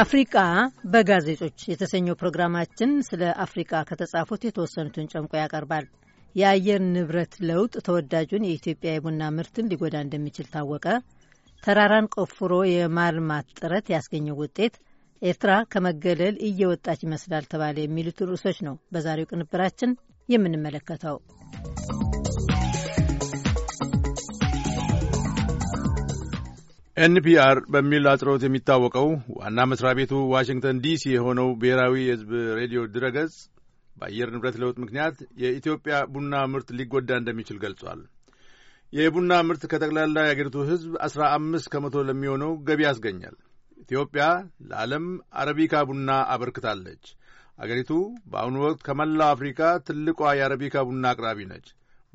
አፍሪቃ በጋዜጦች የተሰኘው ፕሮግራማችን ስለ አፍሪቃ ከተጻፉት የተወሰኑትን ጨምቆ ያቀርባል። የአየር ንብረት ለውጥ ተወዳጁን የኢትዮጵያ የቡና ምርትን ሊጎዳ እንደሚችል ታወቀ፣ ተራራን ቆፍሮ የማልማት ጥረት ያስገኘው ውጤት፣ ኤርትራ ከመገለል እየወጣች ይመስላል ተባለ የሚሉት ርዕሶች ነው በዛሬው ቅንብራችን የምንመለከተው። ኤንፒአር በሚል አጽሮት የሚታወቀው ዋና መስሪያ ቤቱ ዋሽንግተን ዲሲ የሆነው ብሔራዊ የሕዝብ ሬዲዮ ድረገጽ በአየር ንብረት ለውጥ ምክንያት የኢትዮጵያ ቡና ምርት ሊጎዳ እንደሚችል ገልጿል። የቡና ምርት ከጠቅላላ የአገሪቱ ሕዝብ አስራ አምስት ከመቶ ለሚሆነው ገቢ ያስገኛል። ኢትዮጵያ ለዓለም አረቢካ ቡና አበርክታለች። አገሪቱ በአሁኑ ወቅት ከመላው አፍሪካ ትልቋ የአረቢካ ቡና አቅራቢ ነች።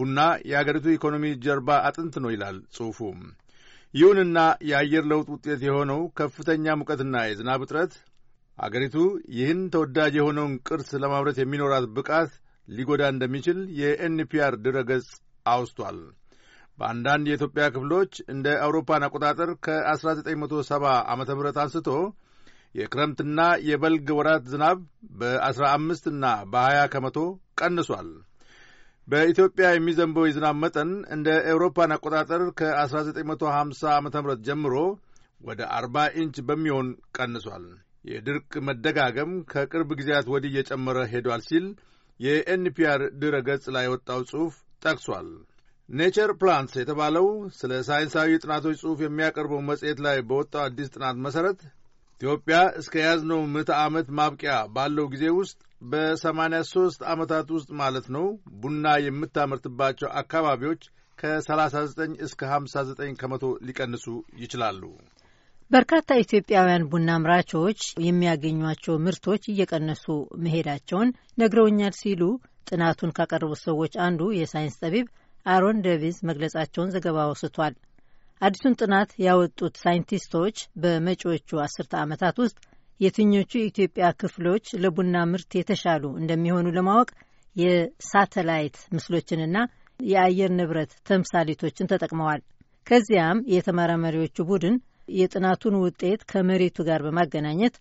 ቡና የአገሪቱ ኢኮኖሚ ጀርባ አጥንት ነው ይላል ጽሑፉም። ይሁንና የአየር ለውጥ ውጤት የሆነው ከፍተኛ ሙቀትና የዝናብ እጥረት አገሪቱ ይህን ተወዳጅ የሆነውን ቅርስ ለማምረት የሚኖራት ብቃት ሊጎዳ እንደሚችል የኤንፒአር ድረገጽ አውስቷል። በአንዳንድ የኢትዮጵያ ክፍሎች እንደ አውሮፓን አቆጣጠር ከ1970 ዓ ም አንስቶ የክረምትና የበልግ ወራት ዝናብ በ15 እና በ20 ከመቶ ቀንሷል። በኢትዮጵያ የሚዘንበው የዝናብ መጠን እንደ ኤውሮፓን አቆጣጠር ከ1950 ዓ ም ጀምሮ ወደ 40 ኢንች በሚሆን ቀንሷል። የድርቅ መደጋገም ከቅርብ ጊዜያት ወዲህ እየጨመረ ሄዷል ሲል የኤንፒአር ድረ ገጽ ላይ የወጣው ጽሑፍ ጠቅሷል። ኔቸር ፕላንትስ የተባለው ስለ ሳይንሳዊ ጥናቶች ጽሑፍ የሚያቀርበው መጽሔት ላይ በወጣው አዲስ ጥናት መሠረት ኢትዮጵያ እስከ ያዝነው ምዕተ ዓመት ማብቂያ ባለው ጊዜ ውስጥ በ83 ዓመታት ውስጥ ማለት ነው ቡና የምታመርትባቸው አካባቢዎች ከ39 እስከ 59 ከመቶ ሊቀንሱ ይችላሉ። በርካታ ኢትዮጵያውያን ቡና አምራቾች የሚያገኟቸው ምርቶች እየቀነሱ መሄዳቸውን ነግረውኛል ሲሉ ጥናቱን ካቀረቡት ሰዎች አንዱ የሳይንስ ጠቢብ አሮን ደቪዝ መግለጻቸውን ዘገባ አውስቷል። አዲሱን ጥናት ያወጡት ሳይንቲስቶች በመጪዎቹ አስርተ ዓመታት ውስጥ የትኞቹ የኢትዮጵያ ክፍሎች ለቡና ምርት የተሻሉ እንደሚሆኑ ለማወቅ የሳተላይት ምስሎችንና የአየር ንብረት ተምሳሌቶችን ተጠቅመዋል። ከዚያም የተመራማሪዎቹ ቡድን የጥናቱን ውጤት ከመሬቱ ጋር በማገናኘት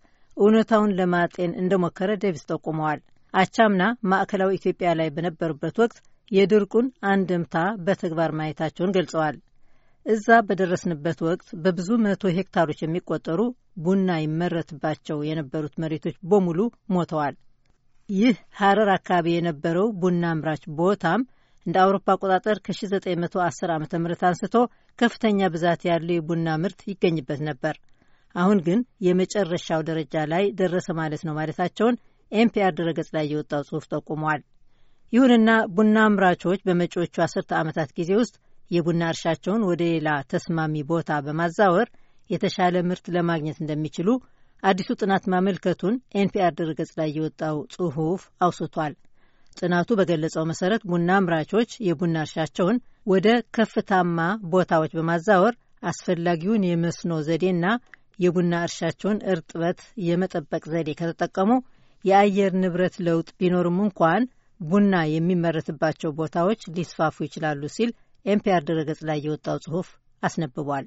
እውነታውን ለማጤን እንደሞከረ ዴቪስ ጠቁመዋል። አቻምና ማዕከላዊ ኢትዮጵያ ላይ በነበሩበት ወቅት የድርቁን አንድምታ በተግባር ማየታቸውን ገልጸዋል። እዛ በደረስንበት ወቅት በብዙ መቶ ሄክታሮች የሚቆጠሩ ቡና ይመረትባቸው የነበሩት መሬቶች በሙሉ ሞተዋል። ይህ ሀረር አካባቢ የነበረው ቡና አምራች ቦታም እንደ አውሮፓ አቆጣጠር ከ1910 ዓ ም አንስቶ ከፍተኛ ብዛት ያለው የቡና ምርት ይገኝበት ነበር። አሁን ግን የመጨረሻው ደረጃ ላይ ደረሰ ማለት ነው ማለታቸውን ኤምፒአር ድረገጽ ላይ የወጣው ጽሑፍ ጠቁሟል። ይሁንና ቡና አምራቾች በመጪዎቹ አስርተ ዓመታት ጊዜ ውስጥ የቡና እርሻቸውን ወደ ሌላ ተስማሚ ቦታ በማዛወር የተሻለ ምርት ለማግኘት እንደሚችሉ አዲሱ ጥናት ማመልከቱን ኤንፒአር ድረገጽ ላይ የወጣው ጽሑፍ አውስቷል። ጥናቱ በገለጸው መሰረት ቡና አምራቾች የቡና እርሻቸውን ወደ ከፍታማ ቦታዎች በማዛወር አስፈላጊውን የመስኖ ዘዴና የቡና እርሻቸውን እርጥበት የመጠበቅ ዘዴ ከተጠቀሙ የአየር ንብረት ለውጥ ቢኖርም እንኳን ቡና የሚመረትባቸው ቦታዎች ሊስፋፉ ይችላሉ ሲል ኤምፒአር ድረገጽ ላይ የወጣው ጽሑፍ አስነብቧል።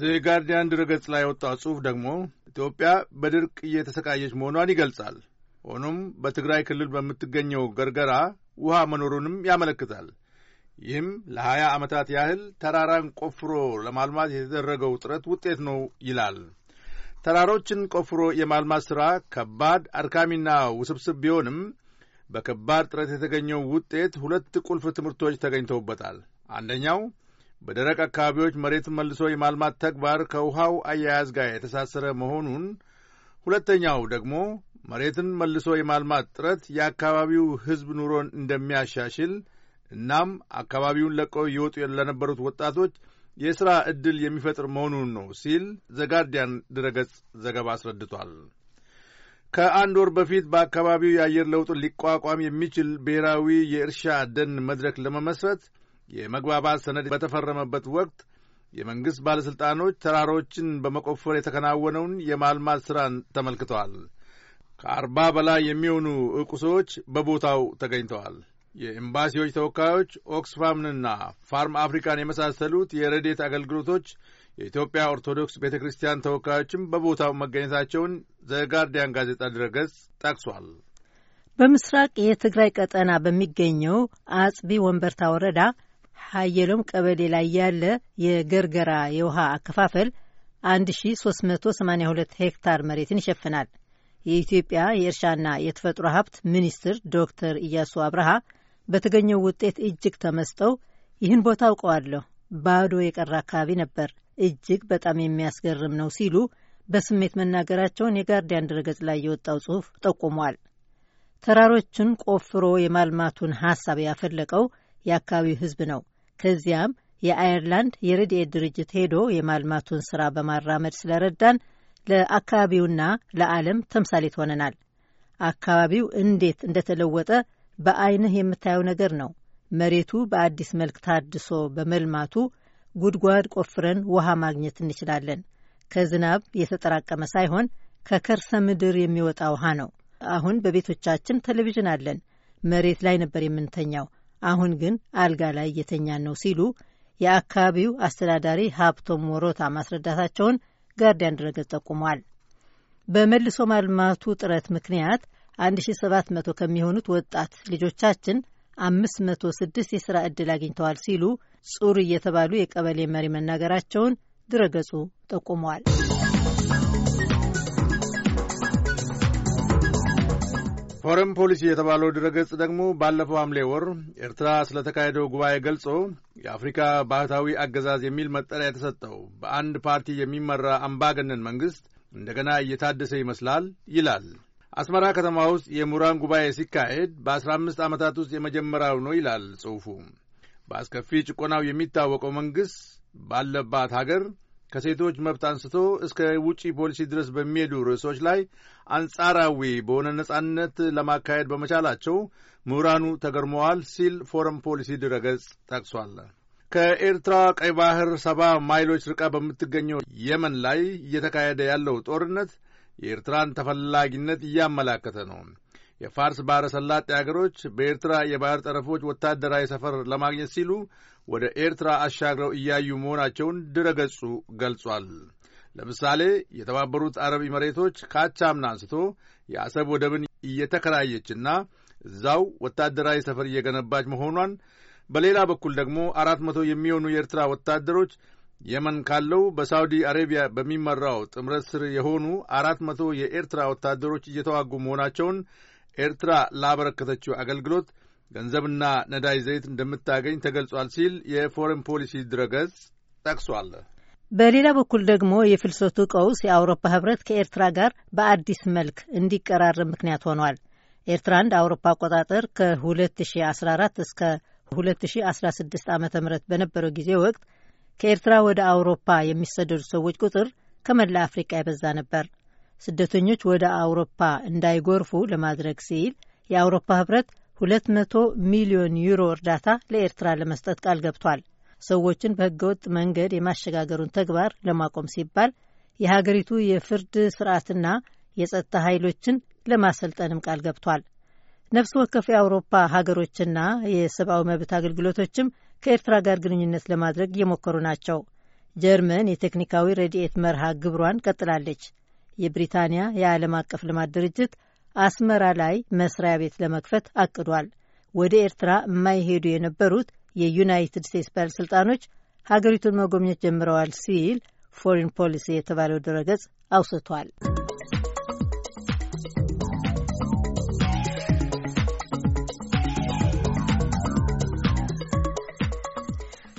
ዘጋርዲያን ድረገጽ ላይ የወጣው ጽሑፍ ደግሞ ኢትዮጵያ በድርቅ እየተሰቃየች መሆኗን ይገልጻል። ሆኖም በትግራይ ክልል በምትገኘው ገርገራ ውሃ መኖሩንም ያመለክታል። ይህም ለሀያ ዓመታት ያህል ተራራን ቆፍሮ ለማልማት የተደረገው ጥረት ውጤት ነው ይላል። ተራሮችን ቆፍሮ የማልማት ሥራ ከባድ አድካሚና ውስብስብ ቢሆንም በከባድ ጥረት የተገኘው ውጤት ሁለት ቁልፍ ትምህርቶች ተገኝተውበታል። አንደኛው በደረቅ አካባቢዎች መሬትን መልሶ የማልማት ተግባር ከውሃው አያያዝ ጋር የተሳሰረ መሆኑን፣ ሁለተኛው ደግሞ መሬትን መልሶ የማልማት ጥረት የአካባቢው ሕዝብ ኑሮን እንደሚያሻሽል እናም አካባቢውን ለቀው ይወጡ ለነበሩት ወጣቶች የሥራ ዕድል የሚፈጥር መሆኑን ነው ሲል ዘጋርዲያን ድረገጽ ዘገባ አስረድቷል። ከአንድ ወር በፊት በአካባቢው የአየር ለውጥ ሊቋቋም የሚችል ብሔራዊ የእርሻ ደን መድረክ ለመመስረት የመግባባት ሰነድ በተፈረመበት ወቅት የመንግሥት ባለሥልጣኖች ተራሮችን በመቆፈር የተከናወነውን የማልማት ሥራን ተመልክተዋል። ከአርባ በላይ የሚሆኑ ዕቁሶች ሰዎች በቦታው ተገኝተዋል። የኤምባሲዎች ተወካዮች ኦክስፋምንና ፋርም አፍሪካን የመሳሰሉት የረዴት አገልግሎቶች የኢትዮጵያ ኦርቶዶክስ ቤተ ክርስቲያን ተወካዮችም በቦታው መገኘታቸውን ዘጋርዲያን ጋዜጣ ድረገጽ ጠቅሷል። በምስራቅ የትግራይ ቀጠና በሚገኘው አጽቢ ወንበርታ ወረዳ ሀየሎም ቀበሌ ላይ ያለ የገርገራ የውሃ አከፋፈል 1382 ሄክታር መሬትን ይሸፍናል። የኢትዮጵያ የእርሻና የተፈጥሮ ሀብት ሚኒስትር ዶክተር ኢያሱ አብርሃ በተገኘው ውጤት እጅግ ተመስጠው ይህን ቦታ አውቀዋለሁ፣ ባዶ የቀረ አካባቢ ነበር፣ እጅግ በጣም የሚያስገርም ነው ሲሉ በስሜት መናገራቸውን የጋርዲያን ድረገጽ ላይ የወጣው ጽሑፍ ጠቁሟል። ተራሮችን ቆፍሮ የማልማቱን ሀሳብ ያፈለቀው የአካባቢው ሕዝብ ነው። ከዚያም የአየርላንድ የረድኤት ድርጅት ሄዶ የማልማቱን ስራ በማራመድ ስለረዳን ለአካባቢውና ለዓለም ተምሳሌት ሆነናል። አካባቢው እንዴት እንደተለወጠ በአይንህ የምታየው ነገር ነው። መሬቱ በአዲስ መልክ ታድሶ በመልማቱ ጉድጓድ ቆፍረን ውሃ ማግኘት እንችላለን። ከዝናብ የተጠራቀመ ሳይሆን ከከርሰ ምድር የሚወጣ ውሃ ነው። አሁን በቤቶቻችን ቴሌቪዥን አለን። መሬት ላይ ነበር የምንተኛው፣ አሁን ግን አልጋ ላይ እየተኛን ነው ሲሉ የአካባቢው አስተዳዳሪ ሀብቶም ወሮታ ማስረዳታቸውን ጋርዲያን ድረገጽ ጠቁሟል። በመልሶ ማልማቱ ጥረት ምክንያት 1700 ከሚሆኑት ወጣት ልጆቻችን 506 የሥራ ዕድል አግኝተዋል ሲሉ ጹር እየተባሉ የቀበሌ መሪ መናገራቸውን ድረገጹ ጠቁመዋል። ፎረን ፖሊሲ የተባለው ድረገጽ ደግሞ ባለፈው ሐምሌ ወር ኤርትራ ስለተካሄደው ጉባኤ ገልጾ የአፍሪካ ባህታዊ አገዛዝ የሚል መጠሪያ የተሰጠው በአንድ ፓርቲ የሚመራ አምባገነን መንግሥት እንደገና እየታደሰ ይመስላል ይላል። አስመራ ከተማ ውስጥ የምሁራን ጉባኤ ሲካሄድ በአስራ አምስት ዓመታት ውስጥ የመጀመሪያው ነው ይላል ጽሑፉ። በአስከፊ ጭቆናው የሚታወቀው መንግሥት ባለባት ሀገር ከሴቶች መብት አንስቶ እስከ ውጪ ፖሊሲ ድረስ በሚሄዱ ርዕሶች ላይ አንጻራዊ በሆነ ነጻነት ለማካሄድ በመቻላቸው ምሁራኑ ተገርመዋል ሲል ፎረም ፖሊሲ ድረገጽ ጠቅሷል። ከኤርትራ ቀይ ባህር ሰባ ማይሎች ርቃ በምትገኘው የመን ላይ እየተካሄደ ያለው ጦርነት የኤርትራን ተፈላጊነት እያመላከተ ነው። የፋርስ ባሕረ ሰላጤ አገሮች በኤርትራ የባሕር ጠረፎች ወታደራዊ ሰፈር ለማግኘት ሲሉ ወደ ኤርትራ አሻግረው እያዩ መሆናቸውን ድረገጹ ገልጿል። ለምሳሌ የተባበሩት አረብ ኢሚሬቶች ካቻምና አንስቶ የአሰብ ወደብን እየተከራየችና እዛው ወታደራዊ ሰፈር እየገነባች መሆኗን፣ በሌላ በኩል ደግሞ አራት መቶ የሚሆኑ የኤርትራ ወታደሮች የመን ካለው በሳውዲ አረቢያ በሚመራው ጥምረት ስር የሆኑ አራት መቶ የኤርትራ ወታደሮች እየተዋጉ መሆናቸውን ኤርትራ ላበረከተችው አገልግሎት ገንዘብና ነዳጅ ዘይት እንደምታገኝ ተገልጿል ሲል የፎሬን ፖሊሲ ድረገጽ ጠቅሷል። በሌላ በኩል ደግሞ የፍልሰቱ ቀውስ የአውሮፓ ህብረት ከኤርትራ ጋር በአዲስ መልክ እንዲቀራረብ ምክንያት ሆኗል። ኤርትራ እንደ አውሮፓ አቆጣጠር ከ2014 እስከ 2016 ዓ ም በነበረው ጊዜ ወቅት ከኤርትራ ወደ አውሮፓ የሚሰደዱ ሰዎች ቁጥር ከመላ አፍሪቃ የበዛ ነበር። ስደተኞች ወደ አውሮፓ እንዳይጎርፉ ለማድረግ ሲል የአውሮፓ ህብረት 200 ሚሊዮን ዩሮ እርዳታ ለኤርትራ ለመስጠት ቃል ገብቷል። ሰዎችን በህገወጥ መንገድ የማሸጋገሩን ተግባር ለማቆም ሲባል የሀገሪቱ የፍርድ ስርዓትና የጸጥታ ኃይሎችን ለማሰልጠንም ቃል ገብቷል። ነፍስ ወከፍ የአውሮፓ ሀገሮችና የሰብአዊ መብት አገልግሎቶችም ከኤርትራ ጋር ግንኙነት ለማድረግ እየሞከሩ ናቸው። ጀርመን የቴክኒካዊ ረድኤት መርሃ ግብሯን ቀጥላለች። የብሪታንያ የዓለም አቀፍ ልማት ድርጅት አስመራ ላይ መስሪያ ቤት ለመክፈት አቅዷል። ወደ ኤርትራ የማይሄዱ የነበሩት የዩናይትድ ስቴትስ ባለሥልጣኖች ሀገሪቱን መጎብኘት ጀምረዋል ሲል ፎሪን ፖሊሲ የተባለው ድረገጽ አውስቷል።